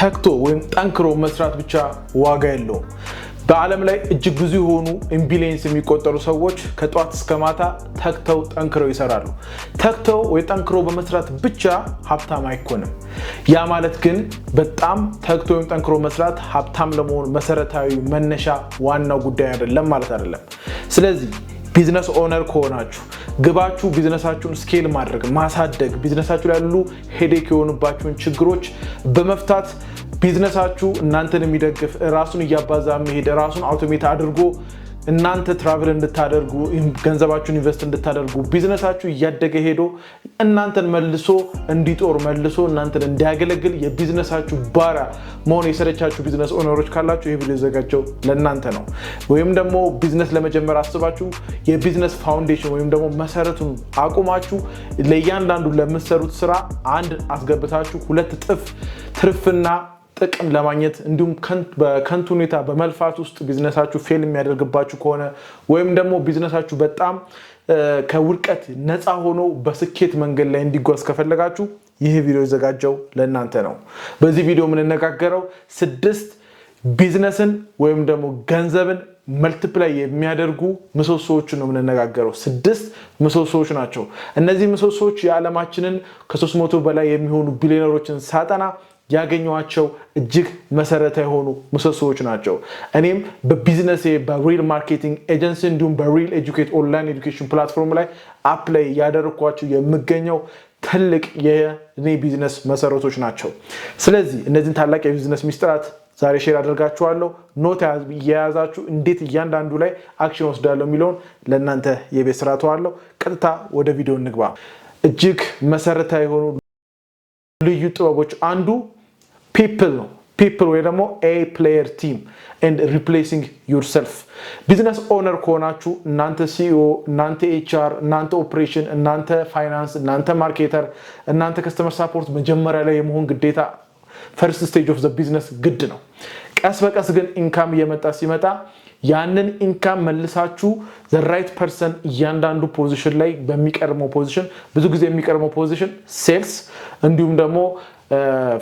ተክቶ ወይም ጠንክሮ መስራት ብቻ ዋጋ የለውም። በዓለም ላይ እጅግ ብዙ የሆኑ ኢምቢሊየንስ የሚቆጠሩ ሰዎች ከጠዋት እስከ ማታ ተክተው ጠንክረው ይሰራሉ። ተክተው ወይ ጠንክሮ በመስራት ብቻ ሀብታም አይኮንም። ያ ማለት ግን በጣም ተክቶ ወይም ጠንክሮ መስራት ሀብታም ለመሆን መሰረታዊ መነሻ ዋናው ጉዳይ አይደለም ማለት አይደለም። ስለዚህ ቢዝነስ ኦነር ከሆናችሁ ግባችሁ ቢዝነሳችሁን ስኬል ማድረግ ማሳደግ፣ ቢዝነሳችሁ ላይ ያሉ ሄዴክ የሆኑባችሁን ችግሮች በመፍታት ቢዝነሳችሁ እናንተን የሚደግፍ ራሱን እያባዛ መሄድ ራሱን አውቶሜት አድርጎ እናንተ ትራቭል እንድታደርጉ ገንዘባችሁን ኢንቨስት እንድታደርጉ ቢዝነሳችሁ እያደገ ሄዶ እናንተን መልሶ እንዲጦር መልሶ እናንተን እንዲያገለግል የቢዝነሳችሁ ባሪያ መሆን የሰለቻችሁ ቢዝነስ ኦነሮች ካላችሁ ይህ ቪዲዮ የዘጋጀው ለእናንተ ነው። ወይም ደግሞ ቢዝነስ ለመጀመር አስባችሁ የቢዝነስ ፋውንዴሽን ወይም ደግሞ መሰረቱን አቁማችሁ ለእያንዳንዱ ለምትሰሩት ስራ አንድ አስገብታችሁ ሁለት ጥፍ ትርፍና ጥቅም ለማግኘት እንዲሁም በከንቱ ሁኔታ በመልፋት ውስጥ ቢዝነሳችሁ ፌል የሚያደርግባችሁ ከሆነ ወይም ደግሞ ቢዝነሳችሁ በጣም ከውድቀት ነፃ ሆኖ በስኬት መንገድ ላይ እንዲጓዝ ከፈለጋችሁ ይህ ቪዲዮ የዘጋጀው ለእናንተ ነው። በዚህ ቪዲዮ የምንነጋገረው ስድስት ቢዝነስን ወይም ደግሞ ገንዘብን መልቲፕላይ የሚያደርጉ ምሰሶዎችን ነው የምንነጋገረው። ስድስት ምሰሶዎች ናቸው። እነዚህ ምሰሶዎች የዓለማችንን ከ300 በላይ የሚሆኑ ቢሊዮነሮችን ሳጠና ያገኘኋቸው እጅግ መሰረታ የሆኑ ምሰሶዎች ናቸው። እኔም በቢዝነሴ በሪል ማርኬቲንግ ኤጀንሲ እንዲሁም በሪል ኤጁኬት ኦንላይን ኤዱኬሽን ፕላትፎርም ላይ አፕ ላይ ያደረግኳቸው የምገኘው ትልቅ የእኔ ቢዝነስ መሰረቶች ናቸው። ስለዚህ እነዚህን ታላቅ የቢዝነስ ሚስጥራት ዛሬ ሼር አደርጋችኋለሁ። ኖት እየያዛችሁ እንዴት እያንዳንዱ ላይ አክሽን ወስዳለሁ የሚለውን ለእናንተ የቤት ስራ ተዋለሁ። ቀጥታ ወደ ቪዲዮ እንግባ። እጅግ መሰረታ የሆኑ ልዩ ጥበቦች አንዱ ፒፕል ነው ፒፕል ወይ ደግሞ ኤ ፕሌየር ቲም ኤንድ ሪፕሌሲንግ ዩርሰልፍ። ቢዝነስ ኦነር ከሆናችሁ እናንተ ሲኢኦ፣ e እናንተ ኤችአር፣ እናንተ ኦፕሬሽን፣ እናንተ ፋይናንስ፣ እናንተ ማርኬተር፣ እናንተ ከስተመር ሳፖርት መጀመሪያ ላይ የመሆን ግዴታ ፈርስት ስቴጅ ኦፍ ዘ ቢዝነስ ግድ ነው። ቀስ በቀስ ግን ኢንካም እየመጣ ሲመጣ ያንን ኢንካም መልሳችሁ ዘራይት ፐርሰን እያንዳንዱ ፖዚሽን ላይ በሚቀርመው ፖዚሽን ብዙ ጊዜ የሚቀርመው ፖዚሽን ሴልስ እንዲሁም ደግሞ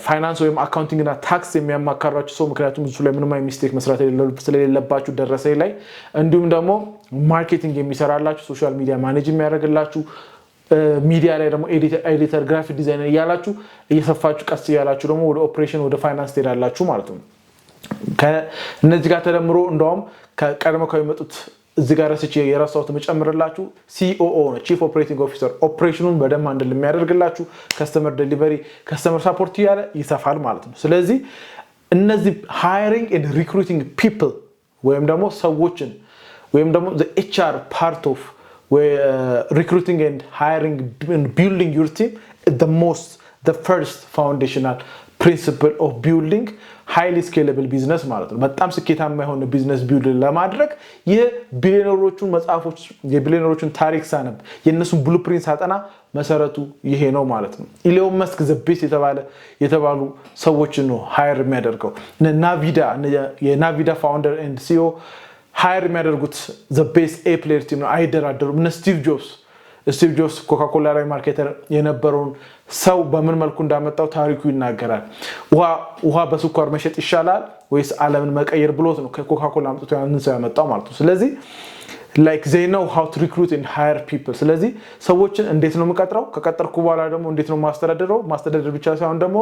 ፋይናንስ ወይም አካውንቲንግና ታክስ የሚያማካራችሁ ሰው ምክንያቱም እሱ ላይ ምንም ሚስቴክ መስራት ስለሌለባችሁ ደረሰ ላይ እንዲሁም ደግሞ ማርኬቲንግ የሚሰራላችሁ ሶሻል ሚዲያ ማኔጅ የሚያደርግላችሁ ሚዲያ ላይ ደግሞ ኤዲተር፣ ግራፊክ ዲዛይነር እያላችሁ እየሰፋችሁ ቀስ እያላችሁ ደግሞ ወደ ኦፕሬሽን ወደ ፋይናንስ ትሄዳላችሁ ማለት ነው። ከእነዚህ ጋር ተደምሮ እንደውም ከቀድሞ ከሚመጡት እዚህ ጋር ረስቼ የረሳሁት የምጨምርላችሁ ሲኦኦ ነው፣ ቺፍ ኦፕሬቲንግ ኦፊሰር። ኦፕሬሽኑን በደንብ አንድል የሚያደርግላችሁ ከስተመር ዴሊቨሪ፣ ከስተመር ሳፖርት እያለ ይሰፋል ማለት ነው። ስለዚህ እነዚህ ሃይሪንግ ኤንድ ሪክሩቲንግ ፒፕል ወይም ደግሞ ሰዎችን ወይም ደግሞ ኤች አር ፓርት ኦፍ ሪክሩቲንግ ኤንድ ሃይሪንግ ቢልዲንግ ዩር ቲም ሞስት ፈርስት ፋውንዴሽናል ፕሪንስፕል ኦፍ ቢልዲንግ ሃይሊ ስኬለብል ቢዝነስ ማለት ነው። በጣም ስኬታማ የሆነ ቢዝነስ ቢውልድ ለማድረግ ይህ ቢሊዮነሮቹን መጽሐፎች፣ የቢሊዮነሮቹን ታሪክ ሳነብ የእነሱን ብሉፕሪንት ሳጠና መሰረቱ ይሄ ነው ማለት ነው። ኢሎን መስክ ዘቤስ የተባለ የተባሉ ሰዎችን ነው ሃየር የሚያደርገው። ናቪዳ የናቪዳ ፋውንደር ኤንድ ሲኦ ሃየር የሚያደርጉት ዘቤስ ቤስት ኤ ፕሌየር ቲም ነው፣ አይደራደሩም። እነ ስቲቭ ጆብስ ስቲቭ ጆብስ ኮካኮላ ላይ ማርኬተር የነበረውን ሰው በምን መልኩ እንዳመጣው ታሪኩ ይናገራል። ውሃ በስኳር መሸጥ ይሻላል ወይስ ዓለምን መቀየር ብሎት ነው ከኮካኮላ አምጥቶ ያንን ሰው ያመጣው ማለት ነው። ስለዚህ ላይክ ዜ ነው ሃው ቱ ሪክሩት ኤንድ ሃየር ፒፕል። ስለዚህ ሰዎችን እንዴት ነው የምቀጥረው፣ ከቀጠርኩ በኋላ ደግሞ እንዴት ነው ማስተዳደረው። ማስተዳደር ብቻ ሳይሆን ደግሞ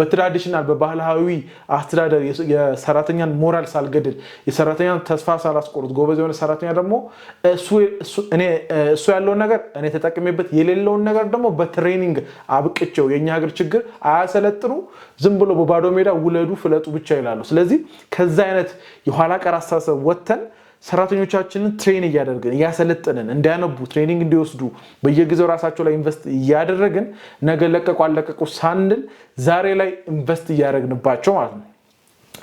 በትራዲሽናል በባህላዊ አስተዳደር የሰራተኛን ሞራል ሳልገድል፣ የሰራተኛን ተስፋ ሳላስቆርጥ፣ ጎበዝ የሆነ ሰራተኛ ደግሞ እሱ ያለውን ነገር እኔ ተጠቅሜበት የሌለውን ነገር ደግሞ በትሬኒንግ አብቅቸው። የእኛ ሀገር ችግር አያሰለጥኑ፣ ዝም ብሎ በባዶ ሜዳ ውለዱ ፍለጡ ብቻ ይላሉ። ስለዚህ ከዛ አይነት የኋላ ቀር አስተሳሰብ ወጥተን ሰራተኞቻችንን ትሬን እያደረግን እያሰለጠንን እንዲያነቡ ትሬኒንግ እንዲወስዱ በየጊዜው ራሳቸው ላይ ኢንቨስት እያደረግን ነገ ለቀቁ አለቀቁ ሳንል ዛሬ ላይ ኢንቨስት እያደረግንባቸው ማለት ነው።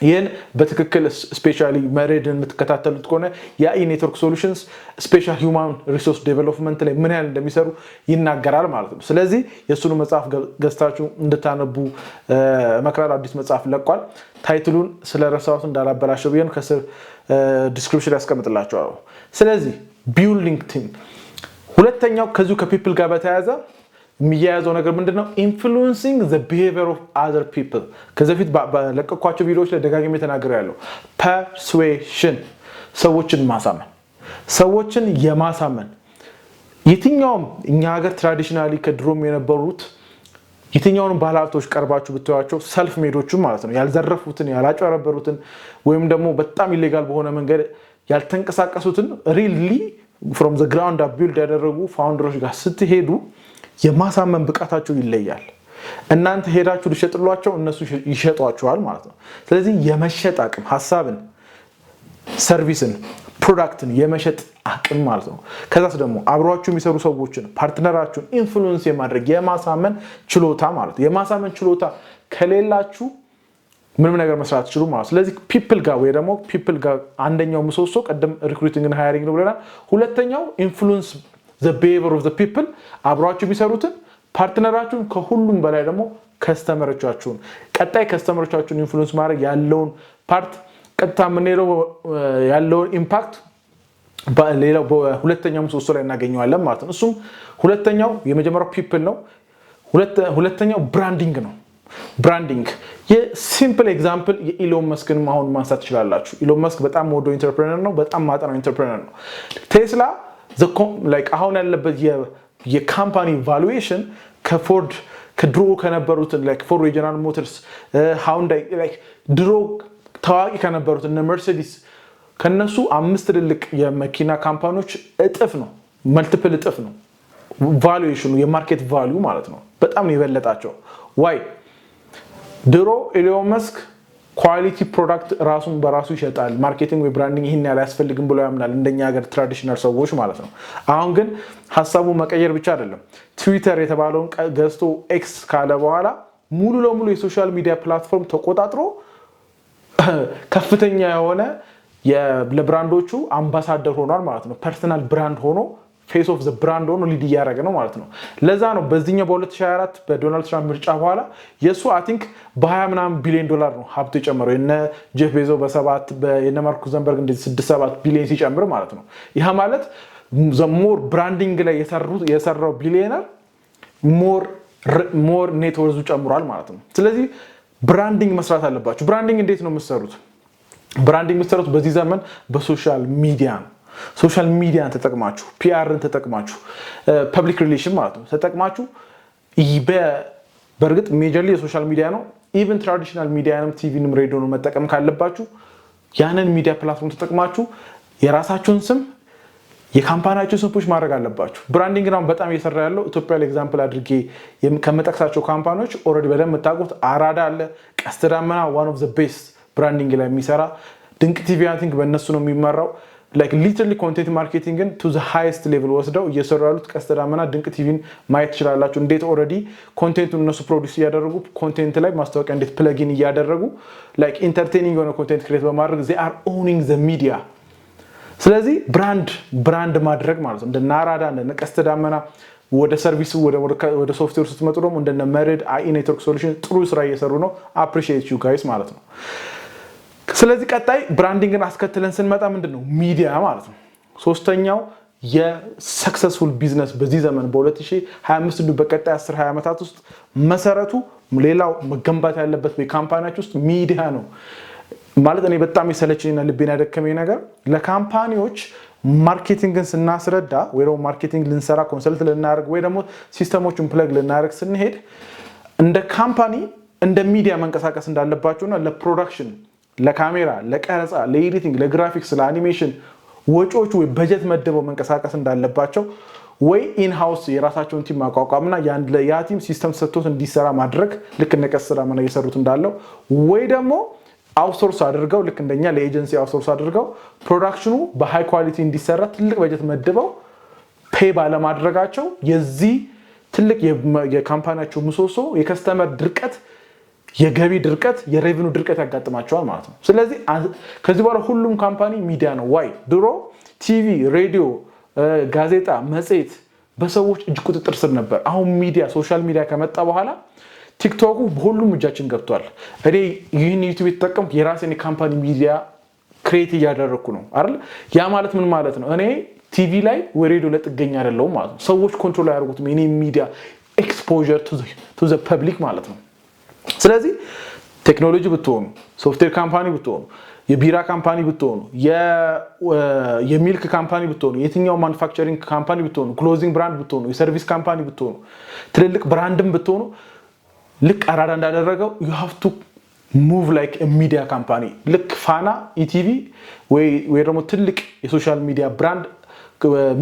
ይህን በትክክል ስፔሻሊ መሬድን የምትከታተሉት ከሆነ የአኢ ኔትወርክ ሶሉሽንስ ስፔሻል ሂውማን ሪሶርስ ዴቨሎፕመንት ላይ ምን ያህል እንደሚሰሩ ይናገራል ማለት ነው። ስለዚህ የእሱኑ መጽሐፍ ገዝታችሁ እንድታነቡ መክራል። አዲስ መጽሐፍ ለቋል። ታይትሉን ስለረሳሁት እንዳላበላሸው ብዬ ከስር ዲስክሪፕሽን ያስቀምጥላቸዋል። ስለዚህ ቢውልዲንግ ቲም ሁለተኛው ከዚሁ ከፒፕል ጋር በተያያዘ የሚያያዘው ነገር ምንድን ነው? ኢንፍሉዌንሲንግ ዘ ቢሄቪየር ኦፍ አዘር ፒፕል። ከዚህ በፊት በለቀኳቸው ቪዲዮዎች ላይ ደጋግሜ ተናገር ያለው ፐርስዌሽን፣ ሰዎችን ማሳመን፣ ሰዎችን የማሳመን የትኛውም እኛ ሀገር ትራዲሽናሊ ከድሮም የነበሩት የትኛውንም ባለሀብቶች ቀርባችሁ ብትዋቸው ሰልፍ ሜዶቹ ማለት ነው ያልዘረፉትን ያላጨረበሩትን ወይም ደግሞ በጣም ኢሌጋል በሆነ መንገድ ያልተንቀሳቀሱትን ሪሊ ፍሮም ዘ ግራውንድ አፕ ቢልድ ያደረጉ ፋውንደሮች ጋር ስትሄዱ የማሳመን ብቃታችሁ ይለያል። እናንተ ሄዳችሁ ልሸጥሏቸው፣ እነሱ ይሸጧችኋል ማለት ነው። ስለዚህ የመሸጥ አቅም ሀሳብን፣ ሰርቪስን፣ ፕሮዳክትን የመሸጥ አቅም ማለት ነው። ከዛስ ደግሞ አብሯችሁ የሚሰሩ ሰዎችን ፓርትነራችሁን ኢንፍሉንስ የማድረግ የማሳመን ችሎታ ማለት ነው። የማሳመን ችሎታ ከሌላችሁ ምንም ነገር መስራት ትችሉ ማለት። ስለዚህ ፒፕል ጋር ወይ ደግሞ ፒፕል ጋር አንደኛው ምሰሶ ቅድም ሪክሩቲንግን ሃያሪንግ ነው ብለናል። ሁለተኛው ኢንፍሉንስ ዘ ኦፍ ዘ ፒፕል አብሯችሁ የሚሰሩትን ፓርትነራችሁን ከሁሉም በላይ ደግሞ ከስተመሮቻችሁን ቀጣይ ከስተመሮቻችሁን ኢንፍሉንስ ማድረግ ያለውን ፓርት ቀጥታ የምንሄደው ያለውን ኢምፓክት ሌላው በሁለተኛው ምሰሶ ላይ እናገኘዋለን ማለት ነው። እሱም ሁለተኛው የመጀመሪያው ፒፕል ነው። ሁለተኛው ብራንዲንግ ነው። ብራንዲንግ የሲምፕል ኤግዛምፕል የኢሎን መስክን አሁን ማንሳት ትችላላችሁ። ኢሎን መስክ በጣም ወዶ ኢንተርፕረነር ነው። በጣም ማጠናው ኢንተርፕረነር ነው። ቴስላ አሁን ያለበት የካምፓኒ ቫሉዌሽን ከፎርድ ከድሮ ከነበሩትን ፎርድ ሬጂናል ሞተርስ ሃውንዳይ ድሮ ታዋቂ ከነበሩት እነ መርሴዲስ ከነሱ አምስት ትልልቅ የመኪና ካምፓኒዎች እጥፍ ነው፣ መልቲፕል እጥፍ ነው ቫሉዌሽኑ የማርኬት ቫሉ ማለት ነው። በጣም ነው የበለጣቸው። ዋይ ድሮ ኢሎን መስክ ኳሊቲ ፕሮዳክት ራሱን በራሱ ይሸጣል። ማርኬቲንግ ወይ ብራንዲንግ ይህን ያህል አያስፈልግም ብሎ ያምናል፣ እንደኛ ሀገር ትራዲሽናል ሰዎች ማለት ነው። አሁን ግን ሀሳቡ መቀየር ብቻ አይደለም። ትዊተር የተባለውን ገዝቶ ኤክስ ካለ በኋላ ሙሉ ለሙሉ የሶሻል ሚዲያ ፕላትፎርም ተቆጣጥሮ ከፍተኛ የሆነ ለብራንዶቹ አምባሳደር ሆኗል ማለት ነው። ፐርሰናል ብራንድ ሆኖ ፌስ ኦፍ ዘ ብራንድ ሆኖ ሊድ እያደረገ ነው ማለት ነው። ለዛ ነው በዚህኛው በ2024 በዶናልድ ትራምፕ ምርጫ በኋላ የእሱ አይ ቲንክ በ20 ምናምን ቢሊዮን ዶላር ነው ሀብቱ የጨመረው የነ ጄፍ ቤዞ በሰባት የነ ማርኩ ዘንበርግ እንደዚህ ስድስት ሰባት ቢሊዮን ሲጨምር ማለት ነው። ይህ ማለት ሞር ብራንዲንግ ላይ የሰራው ቢሊዮነር ሞር ኔትወርዙ ጨምሯል ማለት ነው። ስለዚህ ብራንዲንግ መስራት አለባችሁ። ብራንዲንግ እንዴት ነው የምትሰሩት? ብራንዲንግ የምትሰሩት በዚህ ዘመን በሶሻል ሚዲያ ነው። ሶሻል ሚዲያን ተጠቅማችሁ ፒአርን ተጠቅማችሁ ፐብሊክ ሪሌሽን ማለት ነው ተጠቅማችሁ በእርግጥ ሜጀርሊ የሶሻል ሚዲያ ነው። ኢቨን ትራዲሽናል ሚዲያንም ቲቪንም ነው መጠቀም ካለባችሁ ያንን ሚዲያ ፕላትፎርም ተጠቅማችሁ የራሳችሁን ስም የካምፓኒያችሁ ስንፖች ማድረግ አለባችሁ። ብራንዲንግ አሁን በጣም እየሰራ ያለው ኢትዮጵያ ላይ ኤግዛምፕል አድርጌ ከምጠቅሳቸው ካምፓኒዎች ኦልሬዲ በደንብ የምታውቁት አራዳ አለ፣ ቀስተ ዳመና ዋን ኦፍ ዘ ቤስት ብራንዲንግ ላይ የሚሰራ ድንቅ ቲቪ አይ ቲንክ በእነሱ ነው የሚመራው። ሊትራሊ ኮንቴንት ማርኬቲንግን ቱ ዘ ሃይስት ሌቭል ወስደው እየሰሩ ያሉት ቀስተ ዳመና ድንቅ ቲቪን ማየት ትችላላችሁ። እንዴት ኦልሬዲ ኮንቴንቱን እነሱ ፕሮዲስ እያደረጉ ኮንቴንት ላይ ማስታወቂያ እንዴት ፕለጊን እያደረጉ ላይክ ኢንተርቴኒንግ የሆነ ኮንቴንት ክሬት በማድረግ ዜ አር ኦውኒንግ ዘ ሚዲያ። ስለዚህ ብራንድ ብራንድ ማድረግ ማለት ነው። እንደነ አራዳ እንደነ ቀስተ ዳመና ወደ ሰርቪስ ወደ ሶፍትዌር ስትመጡ ደግሞ እንደነ መሬድ አኢ ኔትወርክ ሶሉሽን ጥሩ ስራ እየሰሩ ነው። አፕሪሺየት ዩ ጋይስ ማለት ነው። ስለዚህ ቀጣይ ብራንዲንግን አስከትለን ስንመጣ ምንድን ነው ሚዲያ ማለት ነው። ሶስተኛው የሰክሰስፉል ቢዝነስ በዚህ ዘመን በ2025 እንዲሁ በቀጣይ 10 20 ዓመታት ውስጥ መሰረቱ ሌላው መገንባት ያለበት ካምፓኒዎች ውስጥ ሚዲያ ነው ማለት እኔ በጣም የሰለችኝና ልቤን ያደከመኝ ነገር ለካምፓኒዎች ማርኬቲንግን ስናስረዳ ወይ ደግሞ ማርኬቲንግ ልንሰራ ኮንሰልት ልናደርግ ወይ ደግሞ ሲስተሞችን ፕለግ ልናደርግ ስንሄድ እንደ ካምፓኒ እንደ ሚዲያ መንቀሳቀስ እንዳለባቸውና ለፕሮዳክሽን ለካሜራ፣ ለቀረፃ፣ ለኤዲቲንግ፣ ለግራፊክስ፣ ለአኒሜሽን ወጪዎቹ ወይ በጀት መድበው መንቀሳቀስ እንዳለባቸው ወይ ኢንሃውስ የራሳቸውን ቲም ማቋቋምና ያ ቲም ሲስተም ሰጥቶት እንዲሰራ ማድረግ ልክ እነ ቀሲስ ዳመና እየሰሩት እንዳለው ወይ ደግሞ አውትሶርስ አድርገው ልክ እንደኛ ለኤጀንሲ አውትሶርስ አድርገው ፕሮዳክሽኑ በሃይ ኳሊቲ እንዲሰራ ትልቅ በጀት መድበው ፔ ባለማድረጋቸው የዚህ ትልቅ የካምፓኒያቸው ምሰሶ የከስተመር ድርቀት የገቢ ድርቀት የሬቨኑ ድርቀት ያጋጥማቸዋል ማለት ነው። ስለዚህ ከዚህ በኋላ ሁሉም ካምፓኒ ሚዲያ ነው። ዋይ ድሮ ቲቪ፣ ሬዲዮ፣ ጋዜጣ፣ መጽሔት በሰዎች እጅ ቁጥጥር ስር ነበር። አሁን ሚዲያ ሶሻል ሚዲያ ከመጣ በኋላ ቲክቶኩ በሁሉም እጃችን ገብቷል። እኔ ይህን ዩቱብ የተጠቀምኩ የራሴን የካምፓኒ ሚዲያ ክሬት እያደረግኩ ነው አይደል? ያ ማለት ምን ማለት ነው? እኔ ቲቪ ላይ ወይ ሬዲዮ ላይ ጥገኛ አይደለሁም ማለት ነው። ሰዎች ኮንትሮል አያደርጉትም ኔ ሚዲያ ኤክስፖዠር ቱ ዘ ፐብሊክ ማለት ነው። ስለዚህ ቴክኖሎጂ ብትሆኑ፣ ሶፍትዌር ካምፓኒ ብትሆኑ፣ የቢራ ካምፓኒ ብትሆኑ፣ የሚልክ ካምፓኒ ብትሆኑ፣ የትኛው ማኑፋክቸሪንግ ካምፓኒ ብትሆኑ፣ ክሎዚንግ ብራንድ ብትሆኑ፣ የሰርቪስ ካምፓኒ ብትሆኑ፣ ትልልቅ ብራንድም ብትሆኑ ልክ አራዳ እንዳደረገው ዩ ሃቭ ቱ ሙቭ ላይክ ሚዲያ ካምፓኒ ልክ ፋና ኢቲቪ ወይ ደግሞ ትልቅ የሶሻል ሚዲያ ብራንድ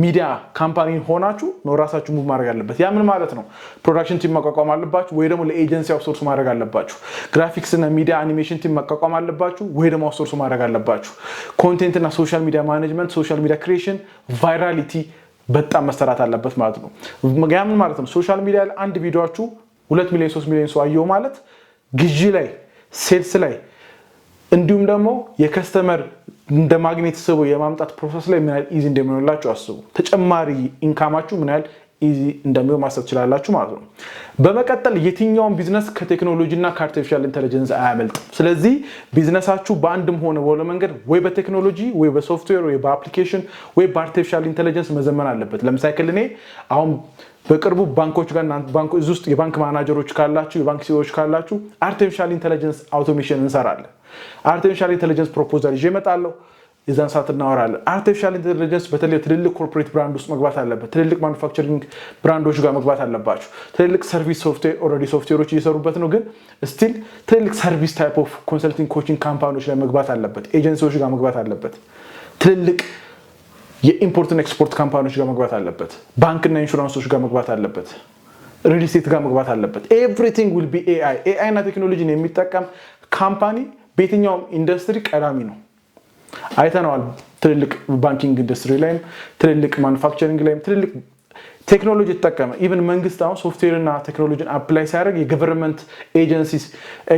ሚዲያ ካምፓኒ ሆናችሁ ነው ራሳችሁ ሙቭ ማድረግ አለበት። ያ ምን ማለት ነው? ፕሮዳክሽን ቲም መቋቋም አለባችሁ፣ ወይ ደግሞ ለኤጀንሲ አውትሶርስ ማድረግ አለባችሁ። ግራፊክስ እና ሚዲያ አኒሜሽን ቲም መቋቋም አለባችሁ፣ ወይ ደግሞ አውትሶርስ ማድረግ አለባችሁ። ኮንቴንት እና ሶሻል ሚዲያ ማኔጅመንት፣ ሶሻል ሚዲያ ክሪኤሽን፣ ቫይራሊቲ በጣም መሰራት አለበት ማለት ነው። ያ ምን ማለት ነው? ሶሻል ሚዲያ ላይ አንድ ቪዲዮችሁ ሁለት ሚሊዮን ሶስት ሚሊዮን ሰው አየው ማለት ግዢ ላይ ሴልስ ላይ እንዲሁም ደግሞ የከስተመር እንደ ማግኔት ስቡ የማምጣት ፕሮሰስ ላይ ምን ያህል ኢዚ እንደሚሆንላችሁ አስቡ። ተጨማሪ ኢንካማችሁ ምን ያህል ኢዚ እንደሚሆን ማሰብ ትችላላችሁ ማለት ነው። በመቀጠል የትኛውን ቢዝነስ ከቴክኖሎጂ እና ከአርቲፊሻል ኢንቴሊጀንስ አያመልጥም። ስለዚህ ቢዝነሳችሁ በአንድም ሆነ በሆነ መንገድ ወይ በቴክኖሎጂ ወይ በሶፍትዌር ወይ በአፕሊኬሽን ወይ በአርቲፊሻል ኢንቴሊጀንስ መዘመን አለበት። ለምሳሌ እኔ አሁን በቅርቡ ባንኮች ጋር እዚህ ውስጥ የባንክ ማናጀሮች ካላችሁ፣ የባንክ ሲዎች ካላችሁ አርቲፊሻል ኢንቴሊጀንስ አውቶሜሽን እንሰራለን አርቲፊሻል ኢንቴሊጀንስ ፕሮፖዛል ይዤ እመጣለሁ። የዛን ሰዓት እናወራለን። አርቲፊሻል ኢንቴሊጀንስ በተለይ ትልልቅ ኮርፖሬት ብራንድ ውስጥ መግባት አለበት። ትልልቅ ማኑፋክቸሪንግ ብራንዶች ጋር መግባት አለባቸው። ትልልቅ ሰርቪስ ሶፍትዌር ኦልሬዲ ሶፍትዌሮች እየሰሩበት ነው፣ ግን ስቲል ትልልቅ ሰርቪስ ታይፕ ኦፍ ኮንሰልቲንግ ኮችንግ ካምፓኒዎች ላይ መግባት አለበት። ኤጀንሲዎች ጋር መግባት አለበት። ትልልቅ የኢምፖርትና ኤክስፖርት ካምፓኒዎች ጋር መግባት አለበት። ባንክና ኢንሹራንሶች ጋር መግባት አለበት። ሪል ስቴት ጋር መግባት አለበት። ኤቭሪቲንግ ዊል ቢ ኤአይ ኤአይ እና ቴክኖሎጂን የሚጠቀም ካምፓኒ በየትኛውም ኢንዱስትሪ ቀዳሚ ነው። አይተነዋል። ትልልቅ ባንኪንግ ኢንዱስትሪ ላይም ትልልቅ ማኑፋክቸሪንግ ላይም ትልልቅ ቴክኖሎጂ ተጠቀመ። ኢቨን መንግስት አሁን ሶፍትዌርና ቴክኖሎጂን አፕላይ ሲያደርግ የገቨርንመንት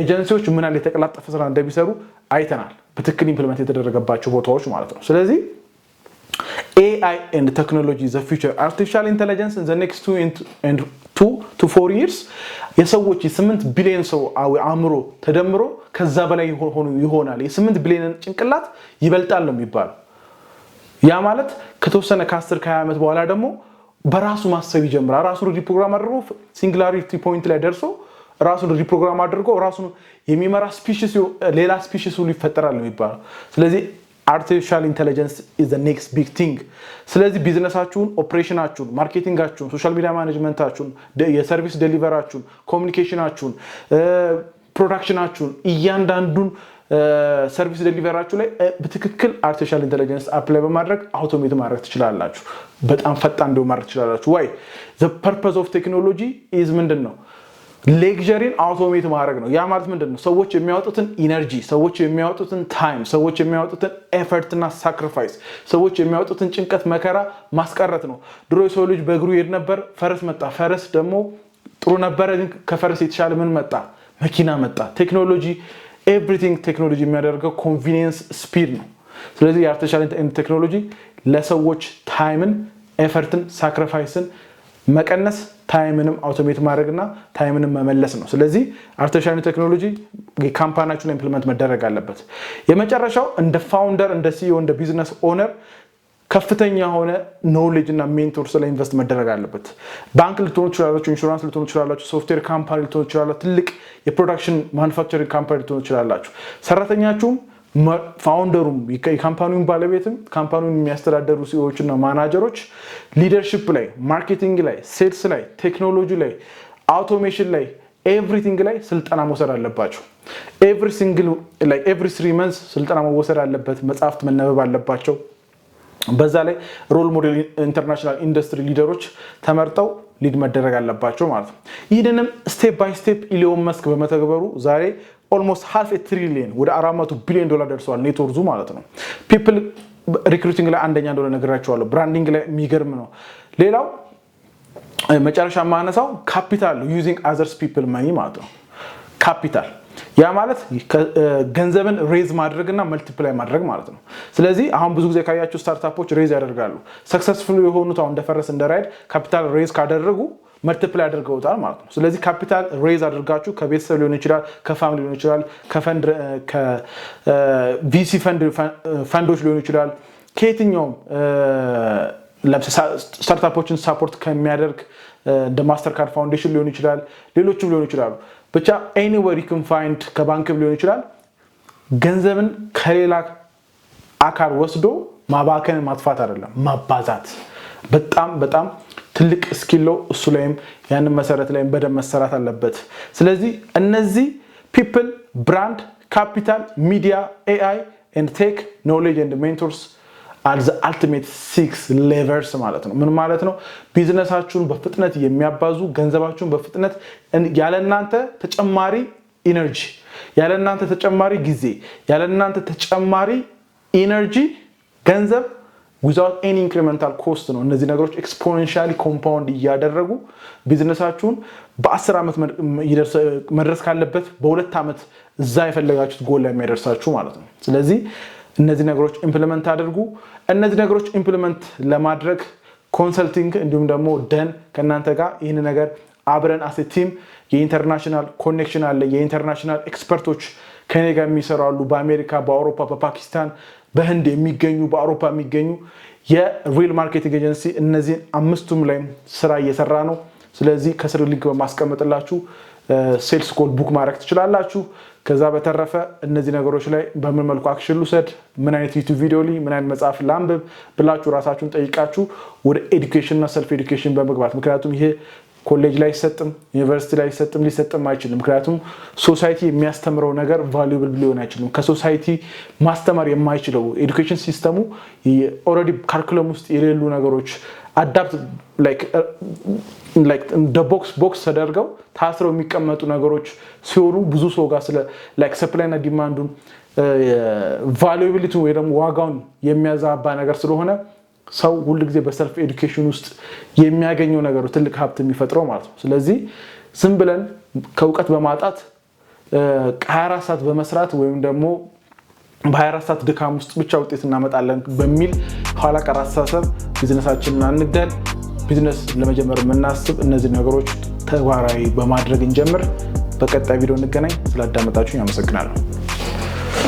ኤጀንሲዎች ምን ያህል የተቀላጠፈ ስራ እንደሚሰሩ አይተናል። በትክክል ኢምፕሊመንት የተደረገባቸው ቦታዎች ማለት ነው። ስለዚህ ኤአይ ኤንድ ቴክኖሎጂ ዘ ፊውቸር አርቲፊሻል ኢንቴሊጀንስ ዘ ኔክስት ቱ ቱ ቱ ፎር ይርስ የሰዎች የስምንት ቢሊዮን ሰው አእምሮ ተደምሮ ከዛ በላይ ይሆናል። የስምንት ቢሊዮን ጭንቅላት ይበልጣል ነው የሚባለው። ያ ማለት ከተወሰነ ከአስር ከሀያ ዓመት በኋላ ደግሞ በራሱ ማሰብ ይጀምራል። ራሱን ሪፕሮግራም አድርጎ ሲንግላሪቲ ፖይንት ላይ ደርሶ ራሱን ሪፕሮግራም አድርጎ ራሱን የሚመራ ስፒሺስ ሌላ ስፒሽስ ሁሉ ይፈጠራል ነው የሚባለው። ስለዚህ አርቲፊሻል ኢንቴሊጀንስ ኢዝ ዘ ኔክስት ቢግ ቲንግ። ስለዚህ ቢዝነሳችሁን፣ ኦፕሬሽናችሁን፣ ማርኬቲንጋችሁን፣ ሶሻል ሚዲያ ማኔጅመንታችሁን፣ የሰርቪስ ዴሊቨራችሁን፣ ኮሚኒኬሽናችሁን፣ ፕሮዳክሽናችሁን እያንዳንዱን ሰርቪስ ዴሊቨራችሁ ላይ በትክክል አርቲፊሻል ኢንቴሊጀንስ አፕላይ በማድረግ አውቶሜት ማድረግ ትችላላችሁ። በጣም ፈጣን እንዲሆን ማድረግ ትችላላችሁ። ዋይ ዘ ፐርፐዝ ኦፍ ቴክኖሎጂ ኢዝ ምንድን ነው? ሌክዠሪን አውቶሜት ማድረግ ነው። ያ ማለት ምንድን ነው? ሰዎች የሚያወጡትን ኢነርጂ፣ ሰዎች የሚያወጡትን ታይም፣ ሰዎች የሚያወጡትን ኤፈርትና ሳክሪፋይስ፣ ሰዎች የሚያወጡትን ጭንቀት፣ መከራ ማስቀረት ነው። ድሮ የሰው ልጅ በእግሩ ይሄድ ነበር፣ ፈረስ መጣ። ፈረስ ደግሞ ጥሩ ነበረ፣ ግን ከፈረስ የተሻለ ምን መጣ? መኪና መጣ። ቴክኖሎጂ፣ ኤቭሪቲንግ ቴክኖሎጂ የሚያደርገው ኮንቪኒየንስ፣ ስፒድ ነው። ስለዚህ የአርቲፊሻል ቴክኖሎጂ ለሰዎች ታይምን፣ ኤፈርትን፣ ሳክሪፋይስን መቀነስ ታይምንም አውቶሜት ማድረግና ታይምንም መመለስ ነው። ስለዚህ አርቲፊሻል ቴክኖሎጂ ካምፓናችሁን ኢምፕልመንት መደረግ አለበት። የመጨረሻው እንደ ፋውንደር፣ እንደ ሲኢኦ፣ እንደ ቢዝነስ ኦነር ከፍተኛ የሆነ ኖሌጅ እና ሜንቶር ስለ ኢንቨስት መደረግ አለበት። ባንክ ልትሆኑ ትችላላችሁ፣ ኢንሹራንስ ልትሆኑ ትችላላችሁ፣ ሶፍትዌር ካምፓኒ ልትሆኑ ትችላላችሁ፣ ትልቅ የፕሮዳክሽን ማኑፋክቸሪንግ ካምፓኒ ልትሆኑ ትችላላችሁ። ሰራተኛችሁም ፋውንደሩም የካምፓኒውን ባለቤትም ካምፓኒውን የሚያስተዳደሩ ሲዎች e እና ማናጀሮች ሊደርሽፕ ላይ፣ ማርኬቲንግ ላይ፣ ሴልስ ላይ፣ ቴክኖሎጂ ላይ፣ አውቶሜሽን ላይ ኤቭሪቲንግ ላይ ስልጠና መውሰድ አለባቸው። ኤቭሪ ስሪ መንስ ስልጠና መወሰድ አለበት። መጽሐፍት መነበብ አለባቸው። በዛ ላይ ሮል ሞዴል ኢንተርናሽናል ኢንዱስትሪ ሊደሮች ተመርጠው ሊድ መደረግ አለባቸው ማለት ነው። ይህንንም ስቴፕ ባይ ስቴፕ ኢሊዮን መስክ በመተግበሩ ዛሬ ኦልሞስት ሃልፍ ትሪሊየን ወደ 400 ቢሊዮን ዶላር ደርሰዋል ኔትወርዙ ማለት ነው። ፒፕል ሪክሩቲንግ ላይ አንደኛ እንደሆነ ነግራቸዋለሁ። ብራንዲንግ ላይ የሚገርም ነው። ሌላው መጨረሻ የማነሳው ካፒታል ዩዚንግ አዘርስ ፒፕል መኒ ማለት ነው። ካፒታል ያ ማለት ገንዘብን ሬዝ ማድረግና መልቲፕላይ ማድረግ ማለት ነው። ስለዚህ አሁን ብዙ ጊዜ ካያችሁ ስታርታፖች ሬዝ ያደርጋሉ። ሰክሰስፉል የሆኑት አሁን እንደፈረስ እንደራይድ ካፒታል ሬዝ ካደረጉ መልቲፕላይ አድርገውታል ማለት ነው። ስለዚህ ካፒታል ሬዝ አድርጋችሁ ከቤተሰብ ሊሆን ይችላል፣ ከፋሚሊ ሊሆን ይችላል፣ ከቪሲ ፈንዶች ሊሆን ይችላል፣ ከየትኛውም ስታርታፖችን ሳፖርት ከሚያደርግ እንደ ማስተርካርድ ፋውንዴሽን ሊሆን ይችላል፣ ሌሎችም ሊሆን ይችላሉ። ብቻ ኤኒዌር ዩን ፋይንድ ከባንክም ሊሆን ይችላል። ገንዘብን ከሌላ አካል ወስዶ ማባከን ማጥፋት አይደለም ማባዛት በጣም በጣም ትልቅ እስኪለው እሱ ላይም ያንን መሰረት ላይም በደንብ መሰራት አለበት። ስለዚህ እነዚህ ፒፕል ብራንድ፣ ካፒታል፣ ሚዲያ፣ ኤአይ ኤንድ ቴክ ኖሌጅ ኤንድ ሜንቶርስ አር ዘ አልቲሜት ሲክስ ሌቨርስ ማለት ነው። ምን ማለት ነው? ቢዝነሳችሁን በፍጥነት የሚያባዙ ገንዘባችሁን በፍጥነት ያለ እናንተ ተጨማሪ ኢነርጂ ያለ እናንተ ተጨማሪ ጊዜ ያለ እናንተ ተጨማሪ ኢነርጂ ገንዘብ ዊዛውት ኤኒ ኢንክሪመንታል ኮስት ነው። እነዚህ ነገሮች ኤክስፖኔንሻሊ ኮምፓውንድ እያደረጉ ቢዝነሳችሁን በአስር ዓመት መድረስ ካለበት በሁለት ዓመት እዛ የፈለጋችሁት ጎል ላይ የሚያደርሳችሁ ማለት ነው። ስለዚህ እነዚህ ነገሮች ኢምፕሊመንት አድርጉ። እነዚህ ነገሮች ኢምፕሊመንት ለማድረግ ኮንሰልቲንግ እንዲሁም ደግሞ ደን ከእናንተ ጋር ይህን ነገር አብረን አሴ ቲም የኢንተርናሽናል ኮኔክሽን አለ። የኢንተርናሽናል ኤክስፐርቶች ከኔ ጋር የሚሰሩ አሉ። በአሜሪካ፣ በአውሮፓ፣ በፓኪስታን በህንድ የሚገኙ በአውሮፓ የሚገኙ የሪል ማርኬቲንግ ኤጀንሲ እነዚህን አምስቱም ላይ ስራ እየሰራ ነው። ስለዚህ ከስር ሊንክ በማስቀመጥላችሁ ሴልስ ኮል ቡክ ማድረግ ትችላላችሁ። ከዛ በተረፈ እነዚህ ነገሮች ላይ በምን መልኩ አክሽን ልውሰድ፣ ምን አይነት ዩቱብ ቪዲዮ ላይ ምን አይነት መጽሐፍ ላንብብ ብላችሁ ራሳችሁን ጠይቃችሁ ወደ ኤዱኬሽንና ሰልፍ ኤዱኬሽን በመግባት ምክንያቱም ይሄ ኮሌጅ ላይ አይሰጥም፣ ዩኒቨርሲቲ ላይ አይሰጥም፣ ሊሰጥም አይችልም። ምክንያቱም ሶሳይቲ የሚያስተምረው ነገር ቫሉብል ሊሆን አይችልም። ከሶሳይቲ ማስተማር የማይችለው ኤዱኬሽን ሲስተሙ ኦልሬዲ ካልኩለም ውስጥ የሌሉ ነገሮች አዳፕት እንደ ቦክስ ቦክስ ተደርገው ታስረው የሚቀመጡ ነገሮች ሲሆኑ ብዙ ሰው ጋር ስለ ሰፕላይና ዲማንዱን ቫሉቢሊቲ ወይ ደግሞ ዋጋውን የሚያዛባ ነገር ስለሆነ ሰው ሁልጊዜ በሰልፍ ኤዱኬሽን ውስጥ የሚያገኘው ነገሩ ትልቅ ሀብት የሚፈጥረው ማለት ነው። ስለዚህ ዝም ብለን ከእውቀት በማጣት 24 ሰዓት በመስራት ወይም ደግሞ በ24 ሰዓት ድካም ውስጥ ብቻ ውጤት እናመጣለን በሚል ኋላ ቀር አስተሳሰብ ቢዝነሳችንን አንግደን ቢዝነስ ለመጀመር የምናስብ እነዚህ ነገሮች ተግባራዊ በማድረግ እንጀምር። በቀጣይ ቪዲዮ እንገናኝ። ስላዳመጣችሁኝ አመሰግናለሁ።